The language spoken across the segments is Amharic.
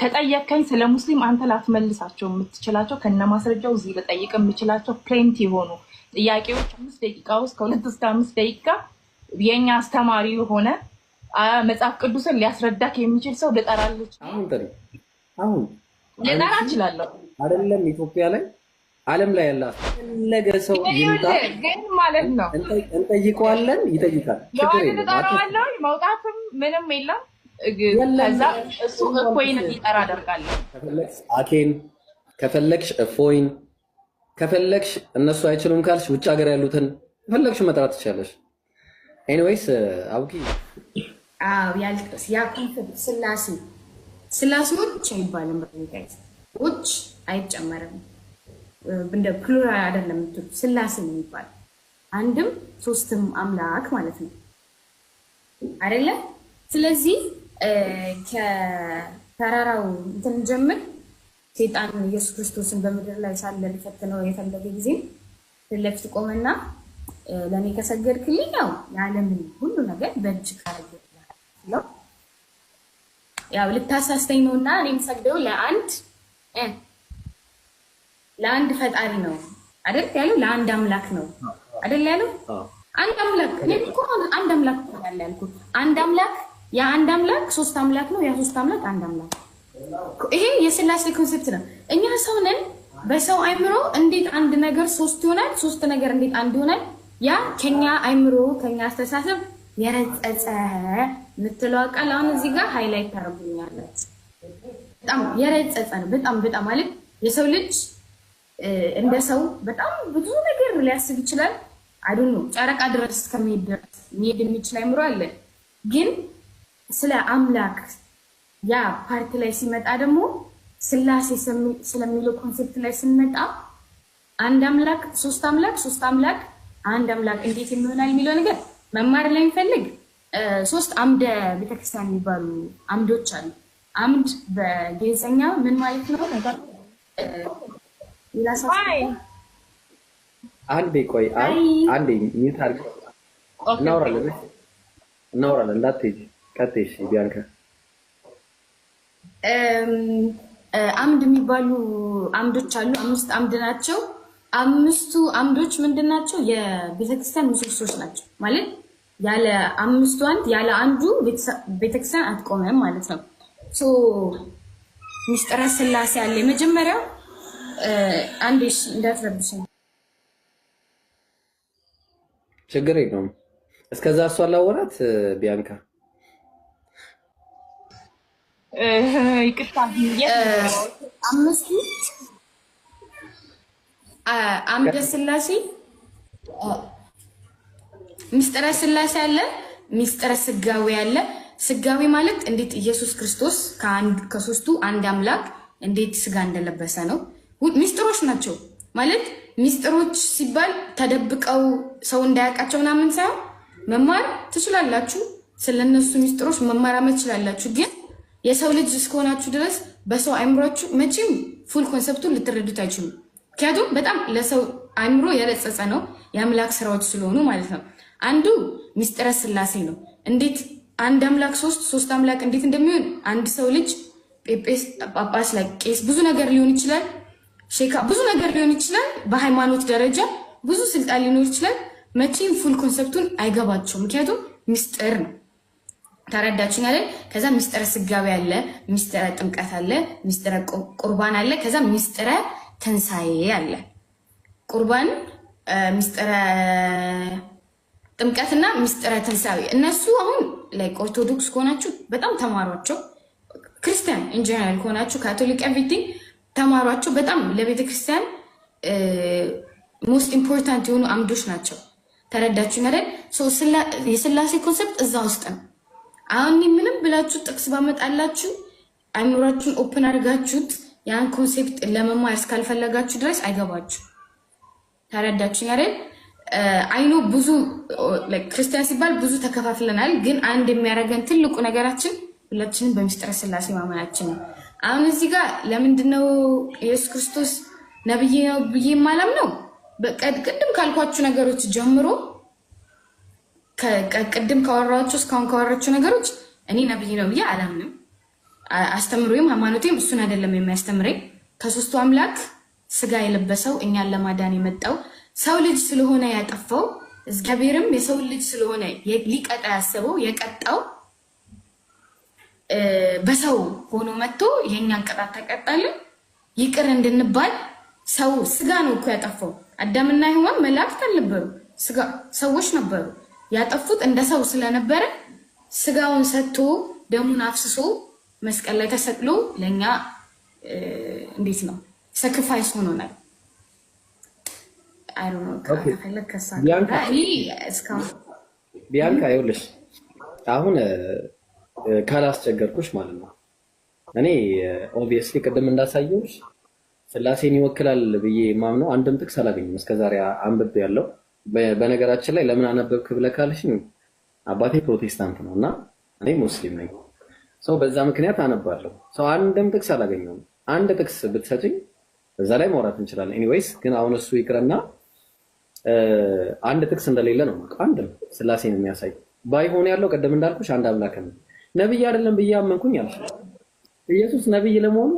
ከጠየከኝ ስለ ሙስሊም አንተ ላትመልሳቸው የምትችላቸው ከነ ማስረጃው እዚህ በጠይቅ የምችላቸው ፕሌንቲ የሆኑ ጥያቄዎች አምስት ደቂቃ ውስጥ ከሁለት እስከ አምስት ደቂቃ የእኛ አስተማሪ የሆነ መጽሐፍ ቅዱስን ሊያስረዳክ የሚችል ሰው ልጠራለች። አሁን ጥሪ፣ አሁን ልጠራ እችላለሁ። አይደለም ኢትዮጵያ ላይ ዓለም ላይ ያለ ነገ ሰው ይምጣ ማለት ነው። እንጠይቀዋለን፣ ይጠይቃል። ችግር መውጣትም ምንም የለም። ከዛ እሱ እፎይን እንዲጠራ አደርጋለሁ። አኬን ከፈለግሽ እፎይን ከፈለግሽ እነሱ አይችሉም ካልሽ ውጭ ሀገር ያሉትን ከፈለግሽ መጥራት ትችላለሽ። ኤኒዌይስ አውቂ ያልቅስ ስላሴ ስላሴ ውጭ አይባልም። ውጭ አይጨመርም። እንደ ፕሉራል አይደለም። ስላሴ ነው የሚባል አንድም ሶስትም አምላክ ማለት ነው አይደለም። ስለዚህ ከተራራው እንትን ጀምር ሴጣን ኢየሱስ ክርስቶስን በምድር ላይ ሳለ ሊፈትነው የፈለገ ጊዜ ፊት ለፊት ቆመና ለእኔ ከሰገድክልኝ ያው የዓለምን ሁሉ ነገር በእጅ ካረገ ያው ልታሳስተኝ ነው እና እኔ የምሰግደው ለአንድ ለአንድ ፈጣሪ ነው አይደል ያለው፣ ለአንድ አምላክ ነው አይደል ያለው። አንድ አምላክ እኔ አንድ አምላክ ያለ ያልኩት አንድ አምላክ የአንድ አምላክ ሶስት አምላክ ነው። የሶስት አምላክ አንድ አምላክ ይሄ የስላሴ ኮንሴፕት ነው። እኛ ሰው በሰው አይምሮ እንዴት አንድ ነገር ሶስት ይሆናል? ሶስት ነገር እንዴት አንድ ይሆናል? ያ ከኛ አይምሮ ከኛ አስተሳሰብ የረጸጸ የምትለው ቃል አሁን እዚህ ጋር ሃይላይት ታደርጉኛለህ። በጣም የረጸጸ ነው። በጣም በጣም ማለት የሰው ልጅ እንደ ሰው በጣም ብዙ ነገር ሊያስብ ይችላል። አይዱ ጨረቃ ድረስ ከሚሄድ ድረስ የሚሄድ የሚችል አይምሮ አለ ግን ስለ አምላክ ያ ፓርቲ ላይ ሲመጣ ደግሞ ስላሴ ስለሚለው ኮንሴፕት ላይ ስንመጣ አንድ አምላክ ሶስት አምላክ ሶስት አምላክ አንድ አምላክ እንዴት የሚሆናል የሚለው ነገር መማር ላይ የሚፈልግ ሶስት አምደ ቤተክርስቲያን የሚባሉ አምዶች አሉ። አምድ በጌዘኛ ምን ማለት ነው? አንዴ ቆይ አንዴ እናውራለን እናውራለን እንዳትሄጂ ቀጥሽ ቢያንካ። አምድ የሚባሉ አምዶች አሉ። አምስት አምድ ናቸው። አምስቱ አምዶች ምንድን ናቸው? የቤተክርስቲያን ምሰሶች ናቸው። ማለት ያለ አምስቱ አንድ ያለ አንዱ ቤተክርስቲያን አትቆመም ማለት ነው። ምስጢረ ስላሴ አለ። የመጀመሪያው አንድ እንዳትረብሽ፣ ችግር የለውም። እስከዛ እሷ ላወራት ቢያንካ ይቅርታ አምስቱ አምደ ስላሴ ምስጢረ ስላሴ አለ፣ ምስጢረ ስጋዊ አለ። ስጋዊ ማለት እንዴት ኢየሱስ ክርስቶስ ከሶስቱ አንድ አምላክ እንዴት ስጋ እንደለበሰ ነው። ምስጢሮች ናቸው ማለት ምስጢሮች ሲባል ተደብቀው ሰው እንዳያውቃቸው ምናምን ሳይሆን መማር ትችላላችሁ። ስለነሱ ምስጢሮች መማራመት ትችላላችሁ ግን የሰው ልጅ እስከሆናችሁ ድረስ በሰው አይምሯችሁ መቼም ፉል ኮንሰፕቱን ልትረዱት አይችሉም። ምክንያቱም በጣም ለሰው አይምሮ የለጸጸ ነው የአምላክ ስራዎች ስለሆኑ ማለት ነው። አንዱ ሚስጥረ ስላሴ ነው። እንዴት አንድ አምላክ ሶስት ሶስት አምላክ እንዴት እንደሚሆን አንድ ሰው ልጅ ጴጴስ፣ ጳጳስ ላይ ቄስ፣ ብዙ ነገር ሊሆን ይችላል። ሼካ ብዙ ነገር ሊሆን ይችላል። በሃይማኖት ደረጃ ብዙ ስልጣን ሊኖር ይችላል። መቼም ፉል ኮንሰፕቱን አይገባቸው፣ ምክንያቱም ሚስጥር ነው። ተረዳችሁኝ አይደል? ከዛ ሚስጥረ ስጋዊ አለ፣ ሚስጥረ ጥምቀት አለ፣ ሚስጥረ ቁርባን አለ፣ ከዛ ሚስጥረ ትንሳኤ አለ። ቁርባን፣ ሚስጥረ ጥምቀትና ሚስጥረ ትንሳኤ እነሱ አሁን ላይ ኦርቶዶክስ ከሆናችሁ በጣም ተማሯቸው። ክርስቲያን ኢንጀነራል ከሆናችሁ ካቶሊክ ኤቭሪቲንግ ተማሯቸው። በጣም ለቤተ ክርስቲያን ሞስት ኢምፖርታንት የሆኑ አምዶች ናቸው። ተረዳችሁ አይደል? የስላሴ ኮንሰፕት እዛ ውስጥ ነው። አሁን ምንም ብላችሁ ጥቅስ ባመጣላችሁ አይምሯችሁን ኦፕን አድርጋችሁት ያን ኮንሴፕት ለመማር እስካልፈለጋችሁ ድረስ አይገባችሁ። ተረዳችሁ አይደል? አይኖ ብዙ ክርስቲያን ሲባል ብዙ ተከፋፍለናል። ግን አንድ የሚያደርገን ትልቁ ነገራችን ሁላችንም በሚስጥረ ስላሴ ማመናችን ነው። አሁን እዚህ ጋር ለምንድነው ኢየሱስ ክርስቶስ ነብዬ ነው ብዬ ማለም ነው? ቅድም ካልኳችሁ ነገሮች ጀምሮ ቅድም ካወራችሁ እስካሁን ካወራችሁ ነገሮች እኔ ነብይ ነው ብዬ አላምንም። አስተምሮም ሃይማኖቴም እሱን አይደለም የሚያስተምረኝ። ከሶስቱ አምላክ ስጋ የለበሰው እኛን ለማዳን የመጣው ሰው ልጅ ስለሆነ ያጠፋው እግዚአብሔርም የሰው ልጅ ስለሆነ ሊቀጣ ያሰበው የቀጣው በሰው ሆኖ መጥቶ የእኛን ቅጣት ተቀጣልን ይቅር እንድንባል ሰው ስጋ ነው እኮ ያጠፋው። አዳምና ሔዋን መላእክት አልነበሩ፣ ሰዎች ነበሩ። ያጠፉት እንደ ሰው ስለነበረ ስጋውን ሰጥቶ ደሙን አፍስሶ መስቀል ላይ ተሰቅሎ ለእኛ እንዴት ነው ሰክሪፋይስ ሆኖናል። ቢያንካ ይኸውልሽ አሁን ካላስቸገርኩሽ ማለት ነው እኔ ኦብቪየስሊ ቅድም እንዳሳየሁሽ ስላሴን ይወክላል ብዬ ማምነው አንድም ጥቅስ አላገኝም እስከዛሬ አንብቤ ያለው በነገራችን ላይ ለምን አነበብክ ብለህ ካልሽኝ አባቴ ፕሮቴስታንት ነው እና እኔ ሙስሊም ነኝ። ሰው በዛ ምክንያት አነባለሁ። ሰው አንድም ጥቅስ አላገኘውም። አንድ ጥቅስ ብትሰጭኝ እዛ ላይ ማውራት እንችላለን። ኤኒዌይስ ግን አሁን እሱ ይቅረና አንድ ጥቅስ እንደሌለ ነው። አንድም ስላሴን የሚያሳይ ባይሆን ያለው ቀደም እንዳልኩሽ አንድ አምላክ ነው። ነብይ አይደለም ብዬ አመንኩኝ አልኩ። ኢየሱስ ነብይ ለመሆኑ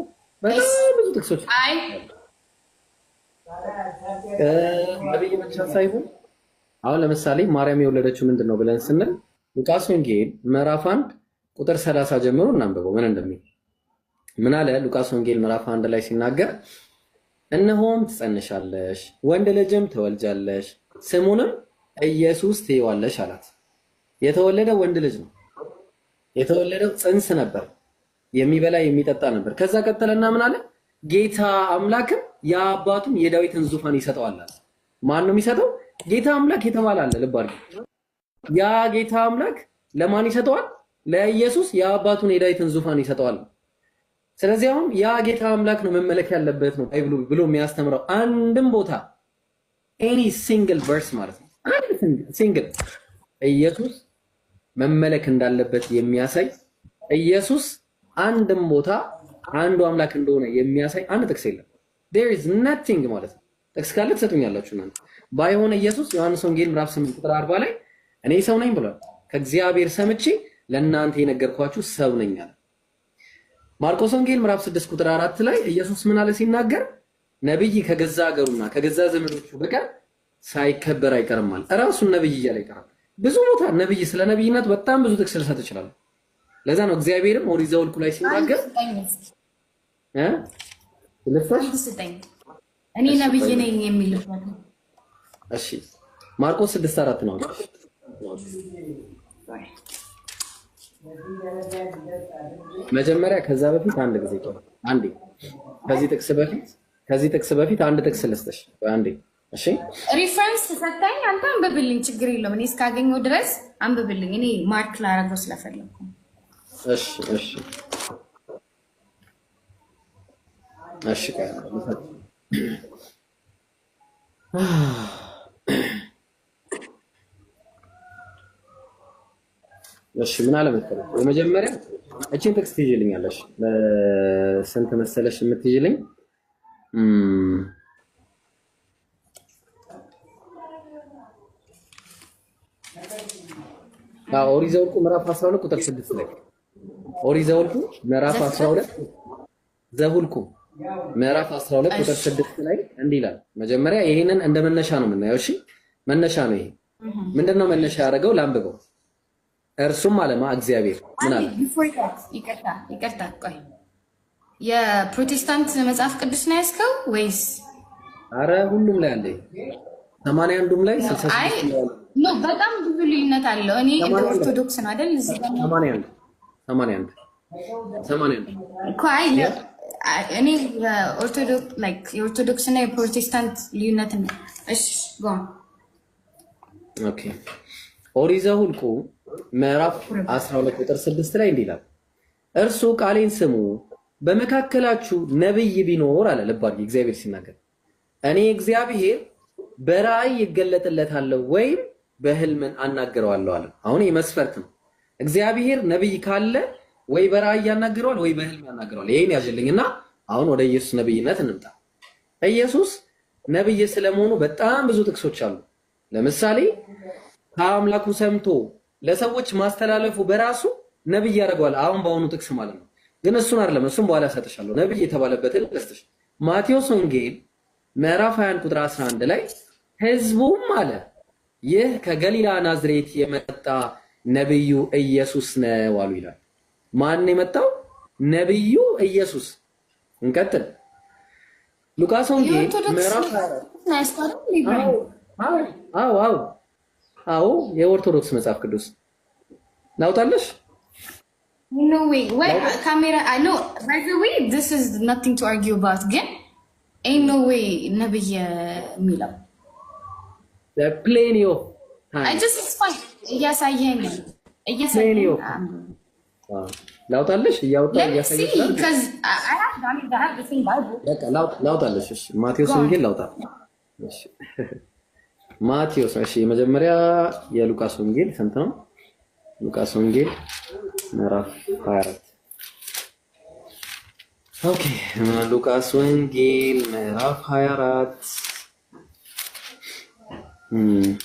በጣም ብዙ ጥቅሶች ነብይ ብቻ ሳይሆን አሁን ለምሳሌ ማርያም የወለደችው ምንድን ነው ብለን ስንል ሉቃስ ወንጌል ምዕራፍ አንድ ቁጥር ሰላሳ ጀምሮ እናንብበው ምን እንደሚል ምን አለ ሉቃስ ወንጌል ምዕራፍ አንድ ላይ ሲናገር እነሆም ትጸንሻለሽ ወንድ ልጅም ትወልጃለሽ ስሙንም ኢየሱስ ትይዋለሽ አላት የተወለደ ወንድ ልጅ ነው የተወለደው ጽንስ ነበር የሚበላ የሚጠጣ ነበር ከዛ ቀጠለና ምን አለ ጌታ አምላክም የአባቱም የዳዊትን ዙፋን ይሰጠዋል አለ ማን ነው የሚሰጠው ጌታ አምላክ የተባለ አለ። ልብ አድርገው። ያ ጌታ አምላክ ለማን ይሰጠዋል? ለኢየሱስ የአባቱን የዳዊትን ዙፋን ይሰጠዋል። ስለዚህ አሁን ያ ጌታ አምላክ ነው መመለክ ያለበት ነው ብሎ የሚያስተምረው አንድም ቦታ ኤኒ ሲንግል ቨርስ ማለት ነው አንድ ሲንግል ኢየሱስ መመለክ እንዳለበት የሚያሳይ ኢየሱስ አንድም ቦታ አንዱ አምላክ እንደሆነ የሚያሳይ አንድ ጥቅስ የለም። ዜር ኢዝ ነቲንግ ማለት ነው። ጥቅስ ካለ ትሰጡኛላችሁ እናንተ። ባይሆን ኢየሱስ ዮሐንስ ወንጌል ምዕራፍ 8 ቁጥር 40 ላይ እኔ ሰው ነኝ ብሏል። ከእግዚአብሔር ሰምቼ ለእናንተ የነገርኳችሁ ሰው ነኝ አለ። ማርቆስ ወንጌል ምዕራፍ 6 ቁጥር 4 ላይ ኢየሱስ ምን አለ ሲናገር ነብይ ከገዛ ሀገሩና ከገዛ ዘመዶቹ በቀር ሳይከበር አይቀርም አለ። እራሱን ነብይ እያለ ይቀራል። ብዙ ቦታ ነብይ ስለ ነብይነት በጣም ብዙ ጥቅስ ልሰጥ ይችላል። ለዛ ነው እግዚአብሔርም ኦሪት ዘኍልቍ ላይ ሲናገር እ እኔ ነብይ ነኝ የሚልበት እሺ ማርቆስ ስድስት አራት ነው። መጀመሪያ ከዛ በፊት አንድ ጊዜ አንዴ ከዚህ ጥቅስ በፊት ከዚህ ጥቅስ በፊት አንድ ጥቅስ ልስጥሽ አንዴ። እሺ ሪፈረንስ ሰጣኝ። አንተ አንብብልኝ፣ ችግር የለውም። እኔ እስካገኘው ድረስ አንብብልኝ። እኔ ማርክ ላረገው ስለፈለኩ። እሺ እሺ እሺ እሺ ምን አለ መሰለሽ፣ የመጀመሪያ እቺን ቴክስት ትይዥልኛለሽ። ስንት መሰለሽ የምትይዥልኝ? ኦሪት ዘኍልቍ ምዕራፍ 12 ቁጥር 6 ላይ ኦሪት ዘኍልቍ ምዕራፍ 12 ዘኍልቍ ምዕራፍ 12 ቁጥር 6 ላይ እንዲህ ይላል። መጀመሪያ ይሄንን እንደ መነሻ ነው የምናየው። እሺ መነሻ ነው ይሄ። ምንድነው መነሻ ያደረገው? ላንብበው። እርሱም አለማ እግዚአብሔር ምን አለ? ይቅርታ ይቅርታ፣ ቆይ የፕሮቴስታንት መጽሐፍ ቅዱስ ነው ያዝከው ወይስ? አረ ሁሉም ላይ አለ። 81ዱም ላይ 66 በጣም ብዙ ልዩነት አለው። እኔ እንደ ኦርቶዶክስ ነው አይደል? እዚህ 81 81 81 እኔ የኦርቶዶክስ የፕሮቴስታንት ልዩነት ነው። እሺ ኦኬ። ኦሪት ዘኍልቍ ምዕራፍ 12 ቁጥር 6 ላይ እንዲላል እርሱ ቃሌን ስሙ፣ በመካከላችሁ ነብይ ቢኖር አለ። ልብ አድርጊ፣ እግዚአብሔር ሲናገር እኔ እግዚአብሔር በራእይ ይገለጥለታለሁ ወይም በህልምን አናግረዋለሁ አለ። አሁን ይህ መስፈርት ነው። እግዚአብሔር ነብይ ካለ ወይ በራእይ ያናግረዋል ወይ በህልም ያናግረዋል። ይሄን ያዝልኝና አሁን ወደ ኢየሱስ ነብይነት እንምጣ። ኢየሱስ ነብይ ስለመሆኑ በጣም ብዙ ጥቅሶች አሉ። ለምሳሌ ከአምላኩ ሰምቶ ለሰዎች ማስተላለፉ በራሱ ነብይ ያደርገዋል። አሁን በአሁኑ ጥቅስ ማለት ነው። ግን እሱን አይደለም፣ እሱን በኋላ እሰጥሻለሁ። ነብይ የተባለበትን ልስጥሽ። ማቴዎስ ወንጌል ምዕራፍ 21 ቁጥር 11 ላይ ህዝቡም አለ ይህ ከገሊላ ናዝሬት የመጣ ነብዩ ኢየሱስ ነው አሉ ይላል። ማን የመጣው ነብዩ ኢየሱስ። እንቀጥል። ሉቃስ ወንጌል ምዕራፍ አዎ አዎ የኦርቶዶክስ መጽሐፍ ቅዱስ ላውጣለሽ። ግን ኖዌይ ነብይ የሚለው ፕሌኒ ኦፍ እያሳየን ላውጣለሽ እያወጣሁ ላውጣለሽ። ማቴዎስ ወንጌል ላውጣ። ማቴዎስ እሺ፣ የመጀመሪያ የሉቃስ ወንጌል ስንት ነው? ሉቃስ ወንጌል ምዕራፍ 24። ኦኬ፣ ሉቃስ ወንጌል ምዕራፍ 24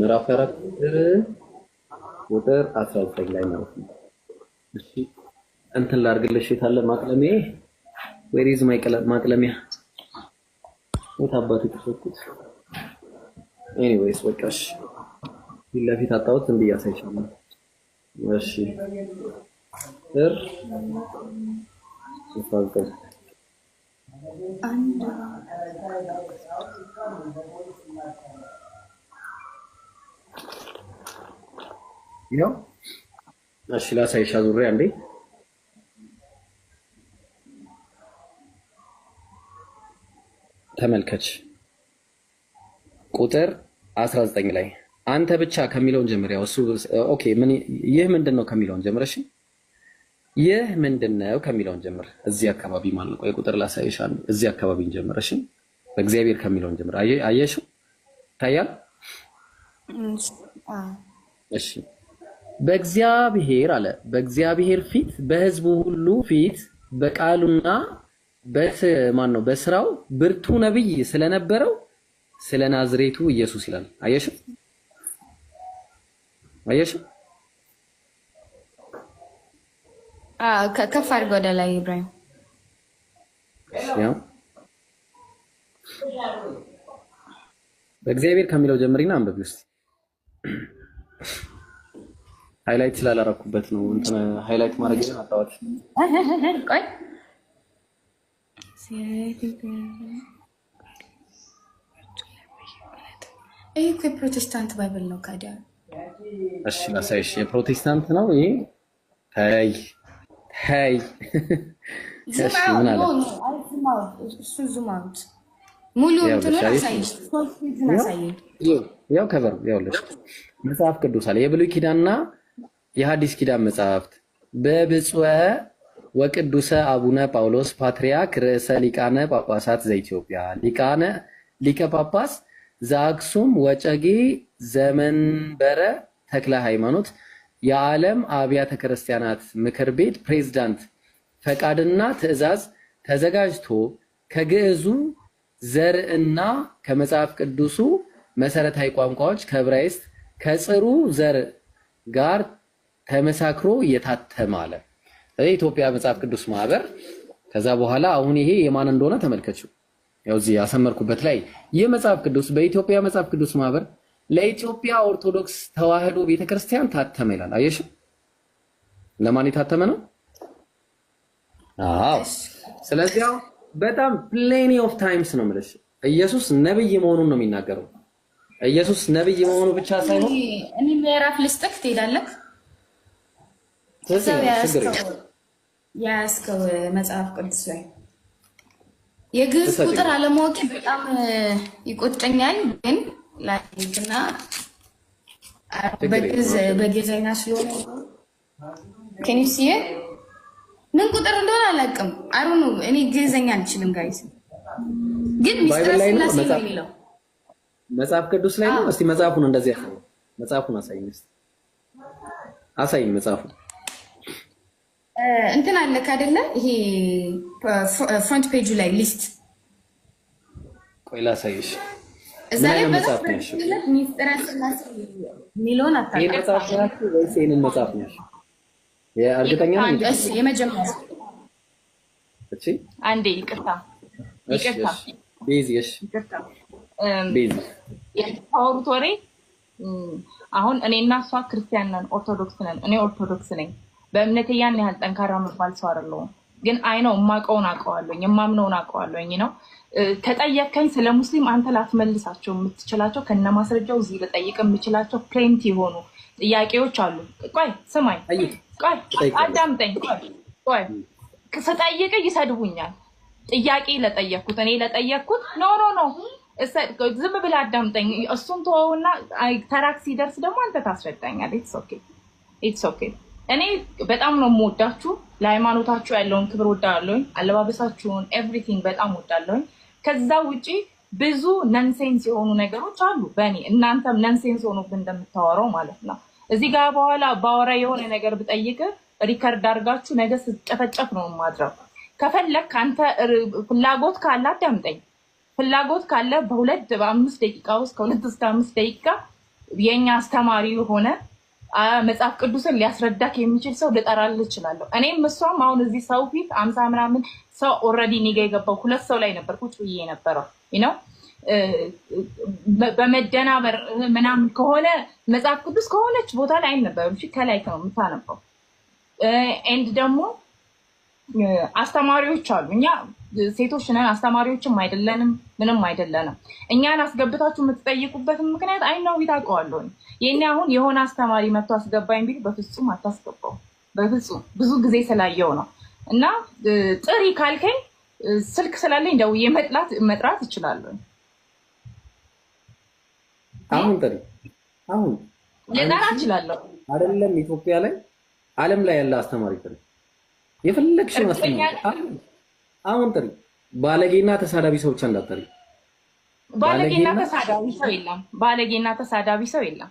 ምዕራፍ አራት ቁጥር 19 ላይ ማለት ነው። እሺ እንትን ላድርግልሽ የታለ ማቅለሚያ? ዌር ኢዝ ማይ ማቅለሚያ? የት አባቱ ተፈኩት? ኤኒዌይስ ወቃሽ ፊት ለፊት አጣሁት እንዴ ያሳይቻለሁ። እሺ ቁጥር 19 ይኸው እሺ፣ ላሳይሻ ዙሬ አንዴ ተመልከች። ቁጥር 19 ላይ አንተ ብቻ ከሚለውን ጀምር። ያው እሱ ኦኬ፣ ምን ይህ ምንድን ነው ከሚለውን ጀምር። እሺ፣ ይህ ምንድን ነው ከሚለውን ጀምር። እዚህ አካባቢ ማለት ነው። ቆይ ቁጥር ላሳይሻ። እዚህ አካባቢ ጀምር። እሺ፣ በእግዚአብሔር ከሚለውን ጀምር። አየሽው? ታያል። እሺ በእግዚአብሔር አለ በእግዚአብሔር ፊት በህዝቡ ሁሉ ፊት በቃሉና ማን ነው በስራው ብርቱ ነቢይ ስለነበረው ስለ ናዝሬቱ ኢየሱስ ይላል። አየሽ አየሽ፣ ከፍ አድርገው ወደ ላይ ኢብራሂም። በእግዚአብሔር ከሚለው ጀምሪና አንብብ ውስጥ ሃይላይት ስላላረኩበት ነው። ሃይላይት ማድረግ አጣዋል። ይህ እኮ የፕሮቴስታንት ባይብል ነው። ካዲያ እሺ፣ ላሳይሽ። የፕሮቴስታንት ነው ይሄ። ታይ ታይ እሱ ዙም ሙሉ እንትኑን አሳይሽ። ያው ከበር ያው መጽሐፍ ቅዱስ አለ የብሉይ ኪዳንና የሐዲስ ኪዳን መጽሐፍት በብፁዕ ወቅዱሰ አቡነ ጳውሎስ ፓትርያርክ ርዕሰ ሊቃነ ጳጳሳት ዘኢትዮጵያ ሊቃነ ሊቀ ጳጳስ ዘአክሱም ወጨጌ ዘመንበረ ተክለ ሃይማኖት የዓለም አብያተ ክርስቲያናት ምክር ቤት ፕሬዝዳንት ፈቃድና ትእዛዝ ተዘጋጅቶ ከግዕዙ ዘር እና ከመጽሐፍ ቅዱሱ መሰረታዊ ቋንቋዎች ከዕብራይስጥ ከጽሩ ዘር ጋር ተመሳክሮ እየታተመ አለ። ኢትዮጵያ መጽሐፍ ቅዱስ ማህበር ከዛ በኋላ አሁን ይሄ የማን እንደሆነ ተመልከችው። ያው እዚህ ያሰመርኩበት ላይ ይህ መጽሐፍ ቅዱስ በኢትዮጵያ መጽሐፍ ቅዱስ ማህበር ለኢትዮጵያ ኦርቶዶክስ ተዋህዶ ቤተክርስቲያን ታተመ ይላል። አየሽ፣ ለማን የታተመ ነው? አዎ። ስለዚህ ያው በጣም ፕሌኒ ኦፍ ታይምስ ነው የምልሽ። ኢየሱስ ነብይ መሆኑን ነው የሚናገረው። ኢየሱስ ነብይ መሆኑ ብቻ ሳይሆን እኔ ምዕራፍ ልስጥክ ትሄዳለህ ያስከው መጽሐፍ ቅዱስ ላይ የግዕዝ ቁጥር አለማወቅ በጣም ይቆጨኛል። ግን በግዕዝ በግዕዝኛ ስለሆነ ምን ቁጥር እንደሆነ አላውቅም። ነው እኔ ግዕዝኛ አልችልም ጋይስ። ግን ሚስጥረ ስላሴ ነው የሚለው መጽሐፍ ቅዱስ ላይ ነው። እስቲ መጽሐፉን እንደዚህ መጽሐፉን አሳይኝ፣ አሳይ መጽሐፉን እንትን አለክ አይደለ? ይሄ ፍሮንት ፔጁ ላይ ሊስት ቆይ ላሳይሽ። እዛ ላይ ሚስጥረ ስላሴ የሚለውን አንዴ ይቅርታ ይቅርታ ታወሩት ወሬ አሁን እኔና እሷ ክርስቲያን ነን፣ ኦርቶዶክስ ነን። እኔ ኦርቶዶክስ ነኝ በእምነቴ ያን ያህል ጠንካራ መባል ሰው አይደለሁም፣ ግን አይ ነው የማውቀውን አውቀዋለሁኝ፣ የማምነውን አውቀዋለሁኝ ነው። ከጠየከኝ ስለ ሙስሊም አንተ ላትመልሳቸው የምትችላቸው ከነ ማስረጃው እዚህ ልጠይቅ የምችላቸው ፕሌንቲ የሆኑ ጥያቄዎች አሉ። ቆይ ስማኝ፣ ቆይ አዳምጠኝ። ቆይ ስጠይቅ ይሰድቡኛል። ጥያቄ ለጠየቅኩት እኔ ለጠየቅኩት ኖ ኖ ኖ ዝም ብለህ አዳምጠኝ። እሱን ተወውና ተራክ ሲደርስ ደግሞ አንተ ታስረዳኛል። ኢትስ ኦኬ ኢትስ ኦኬ እኔ በጣም ነው የምወዳችሁ። ለሃይማኖታችሁ ያለውን ክብር ወዳለኝ፣ አለባበሳችሁን፣ ኤቭሪቲንግ በጣም ወዳለኝ። ከዛ ውጪ ብዙ ነንሴንስ የሆኑ ነገሮች አሉ በእኔ እናንተም ነንሴንስ ሆኖብን እንደምታወራው ማለት ነው። እዚህ ጋር በኋላ ባወራ የሆነ ነገር ብጠይቅ ሪከርድ አድርጋችሁ ነገ ስጨፈጨፍ ነው ማድረግ። ከፈለግ ከአንተ ፍላጎት ካለ አዳምጠኝ። ፍላጎት ካለ በሁለት በአምስት ደቂቃ ውስጥ ከሁለት እስከ አምስት ደቂቃ የእኛ አስተማሪ የሆነ መጽሐፍ ቅዱስን ሊያስረዳክ የሚችል ሰው ልጠራል እችላለሁ። እኔም እሷም አሁን እዚህ ሰው ፊት አምሳ ምናምን ሰው ኦልሬዲ እኔ ጋ የገባው ሁለት ሰው ላይ ነበር ቁጭ ብዬ የነበረው ነው። በመደናበር ምናምን ከሆነ መጽሐፍ ቅዱስ ከሆነች ቦታ ላይ አይነበርም። ፊት ከላይ ነው የምታነበው። ኤንድ ደግሞ አስተማሪዎች አሉ። እኛ ሴቶች ነን፣ አስተማሪዎችም አይደለንም፣ ምንም አይደለንም። እኛን አስገብታችሁ የምትጠይቁበትን ምክንያት አይ ነው ይህኔ አሁን የሆነ አስተማሪ መጥቶ አስገባኝ ቢል በፍጹም አታስገባው። በፍጹም ብዙ ጊዜ ስላየው ነው። እና ጥሪ ካልከኝ ስልክ ስላለኝ ደውዬ መጥላት መጥራት እችላለሁ። አሁን ጥሪ አሁን ልጠራ እችላለሁ። አይደለም ኢትዮጵያ ላይ ዓለም ላይ ያለ አስተማሪ ጥሪ፣ የፈለግሽውን አስተማሪ አሁን ጥሪ። ባለጌና ተሳዳቢ ሰው ብቻ እንዳጠሪ። ባለጌና ተሳዳቢ ሰው የለም። ባለጌና ተሳዳቢ ሰው የለም።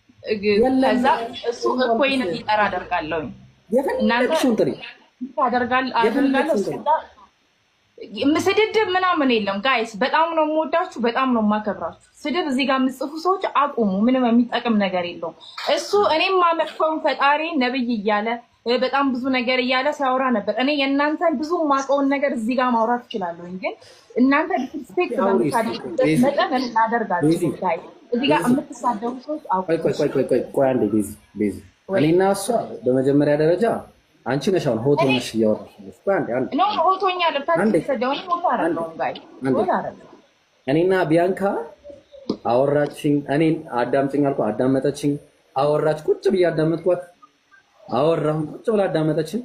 ከዛ እሱ እኮይን እንዲጠራ የፈለግሽውን ጥሪ አደርጋለሁ። ስድድብ ምናምን የለም ጋይስ። በጣም ነው የምወዳችሁ፣ በጣም ነው የማከብራችሁ። ስድብ እዚህ ጋር የምጽፉ ሰዎች አቁሙ። ምንም የሚጠቅም ነገር የለውም። እሱ እኔም ፈጣሪ ነብይ እያለ በጣም ብዙ ነገር እያለ ሲያወራ ነበር። እኔ የእናንተን ብዙ ማውቀውን ነገር እዚህ ጋር ማውራት እችላለሁኝ፣ ግን እናንተ በምታደርጉበት መጠን እናደርጋለን ጋይስ እኔና እሷ በመጀመሪያ ደረጃ አንቺ ነሽ አሁን ሆቶ ነሽ እያወራሽ እኔና ቢያንካ አወራችኝ። እኔን አዳምጭኝ አዳመጠችኝ። አወራች ቁጭ ብዬ አዳመጥኳት። አወራሁን ቁጭ ብላ አዳመጠችኝ።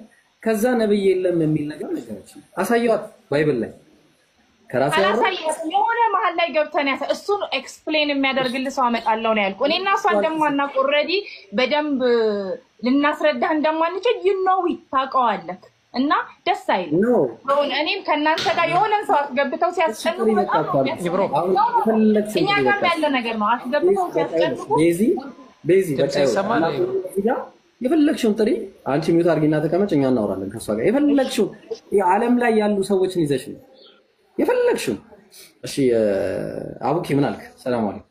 ከዛ ነብይ የለም የሚል ነገር ነገረችኝ። አሳየዋት ባይብል ላይ ከራሴ መሀል ላይ ገብተን ያሳ እሱን ኤክስፕሌን የሚያደርግልህ ሰው አመጣለሁ ነው እኔ እና እሷን እሷ እንደማናውቅ ኦልሬዲ በደንብ ልናስረዳህ እንደማንችል ይኖው ታውቀዋለህ። እና ደስ አይልም። እኔም ከእናንተ ጋር የሆነን ሰው አስገብተው ሲያስጨንቁ በጣም እኛ ጋርም ያለ ነገር ነው። አስገብተው ሲያስጨንቁ የፈለግሽውን ጥሪ። አንቺ ሚዩት አድርጊና ተቀመጭ፣ እኛ እናውራለን ከእሷ ጋር። የፈለግሽውን የዓለም ላይ ያሉ ሰዎችን ይዘሽ ነው የፈለግሽውን እሺ አቡኪ ምን አልክ? ሰላም አለይኩም።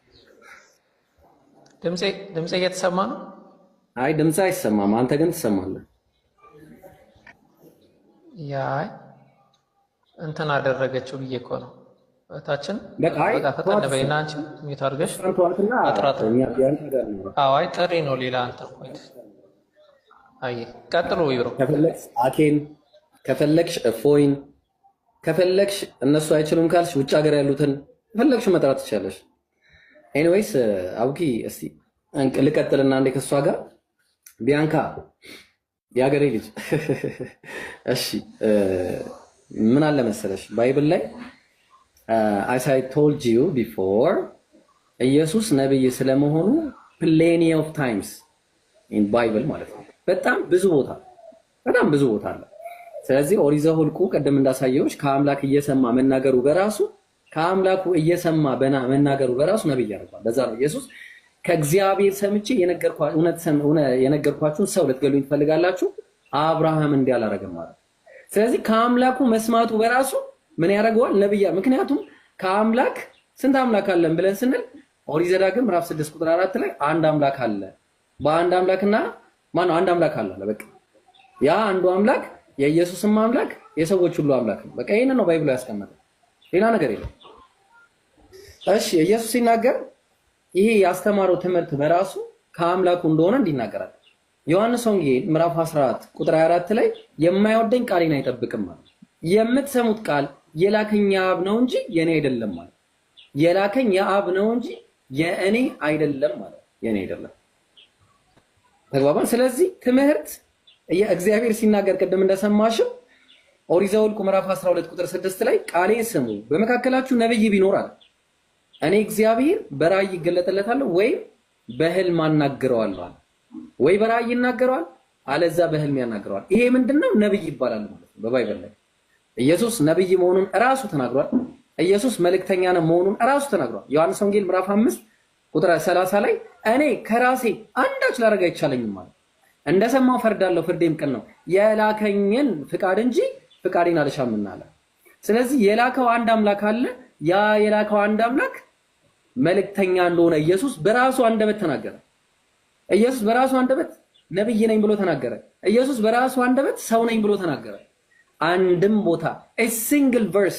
ድምጼ እየተሰማ ነው? አይ ድምጽ አይሰማም። አንተ ግን ትሰማለህ። ያ እንትን አደረገችው ብዬ እኮ ነው። እታችን በቃ አንቺ ሚውት አድርገሽ አጥራት። አይ ጥሪ ነው ሌላ አንተር ፖይንት። አይ ቀጥሎ ይብሮ ከፈለግሽ አኬን ከፈለግሽ እፎይን ከፈለግሽ እነሱ አይችሉም ካልሽ ውጭ ሀገር ያሉትን ከፈለግሽ መጥራት ትችላለሽ። ኤኒዌይስ uh, አቡኪ እስቲ ልቀጥልና አንዴ ከእሷ ጋር ቢያንካ የሀገሬ ልጅ እሺ፣ uh, ምን አለ መሰለሽ ባይብል ላይ አስ አይ ቶልድ ዩ ቢፎር ኢየሱስ ነብይ ስለመሆኑ ፕሌኒ ኦፍ ታይምስ ኢን ባይብል ማለት ነው። በጣም ብዙ ቦታ በጣም ብዙ ቦታ አለ ስለዚህ ኦሪት ዘኍልቍ ቅድም እንዳሳየሁሽ ከአምላክ እየሰማ መናገሩ በራሱ ከአምላኩ እየሰማ በና መናገሩ በራሱ ነብይ ያደርጓል። ለዛ ነው ኢየሱስ ከእግዚአብሔር ሰምቼ የነገርኳችሁን ሰው ልትገሉኝ ትፈልጋላችሁ፣ አብርሃም እንዲህ አላደረገም ማለት። ስለዚህ ከአምላኩ መስማቱ በራሱ ምን ያደርገዋል ነብያ። ምክንያቱም ከአምላክ ስንት አምላክ አለን ብለን ስንል ኦሪት ዘዳግም ምዕራፍ ቁጥር 4 ላይ አንድ አምላክ አለ፣ በአንድ አምላክና ማነው አንድ አምላክ አለ። በቃ ያ አንዱ አምላክ የኢየሱስም አምላክ የሰዎች ሁሉ አምላክ ነው። በቃ ይሄንን ነው ባይብሉ ያስቀመጠው፣ ሌላ ነገር የለም። እሺ ኢየሱስ ሲናገር ይሄ ያስተማረው ትምህርት በራሱ ከአምላኩ እንደሆነ እንዲናገራል። ዮሐንስ ወንጌል ምዕራፍ 14 ቁጥር 24 ላይ የማይወደኝ ቃሌን አይጠብቅም ማለት የምትሰሙት ቃል የላከኝ የአብ ነው እንጂ የኔ አይደለም ማለት የላከኝ የአብ ነው እንጂ የእኔ አይደለም ማለት የኔ አይደለም። ተግባባን። ስለዚህ ትምህርት እግዚአብሔር ሲናገር ቅድም እንደሰማሽው ኦሪት ዘኍልቍ ምዕራፍ 12 ቁጥር 6 ላይ ቃሌን ስሙ፣ በመካከላችሁ ነብይ ቢኖራል እኔ እግዚአብሔር በራእይ ይገለጥለታለሁ ወይም በህልም አናግረዋለሁ፣ ወይ በራእይ ይናገረዋል፣ አለዛ በህልም ያናግረዋል። ይሄ ምንድነው? ነብይ ይባላል ማለት ነው በባይብል ላይ ኢየሱስ ነብይ መሆኑን እራሱ ተናግሯል። ኢየሱስ መልእክተኛ ነው መሆኑን እራሱ ተናግሯል። ዮሐንስ ወንጌል ምዕራፍ 5 ቁጥር 30 ላይ እኔ ከራሴ አንዳች ላደርግ አይቻለኝም ማለት እንደሰማው ፈርዳለሁ፣ ፍርዴም ቅን ነው። የላከኝን ፍቃድ እንጂ ፍቃዴን አልሻምና አለ። ስለዚህ የላከው አንድ አምላክ አለ። ያ የላከው አንድ አምላክ መልእክተኛ እንደሆነ ኢየሱስ በራሱ አንደበት ተናገረ። ኢየሱስ በራሱ አንደበት ነብይ ነኝ ብሎ ተናገረ። ኢየሱስ በራሱ አንደበት ሰው ነኝ ብሎ ተናገረ። አንድም ቦታ ሲንግል ቨርስ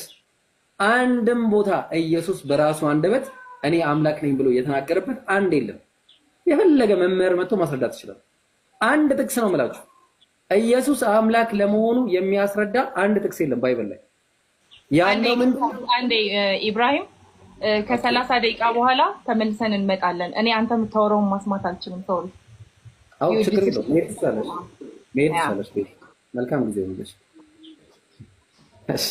አንድም ቦታ ኢየሱስ በራሱ አንደበት እኔ አምላክ ነኝ ብሎ የተናገረበት አንድ የለም። የፈለገ መምህር መጥቶ ማስረዳት ይችላል። አንድ ጥቅስ ነው የምላችሁ። ኢየሱስ አምላክ ለመሆኑ የሚያስረዳ አንድ ጥቅስ የለም ባይበል ላይ። ያለው ምን አንዴ ኢብራሂም ከሰላሳ ደቂቃ በኋላ ተመልሰን እንመጣለን። እኔ አንተ የምታወራውን ማስማት አልችልም። ሰው አው ችግር የለውም። ሜት ሰለሽ ሜት ሰለሽ። መልካም ጊዜ ይሁንልሽ። እሺ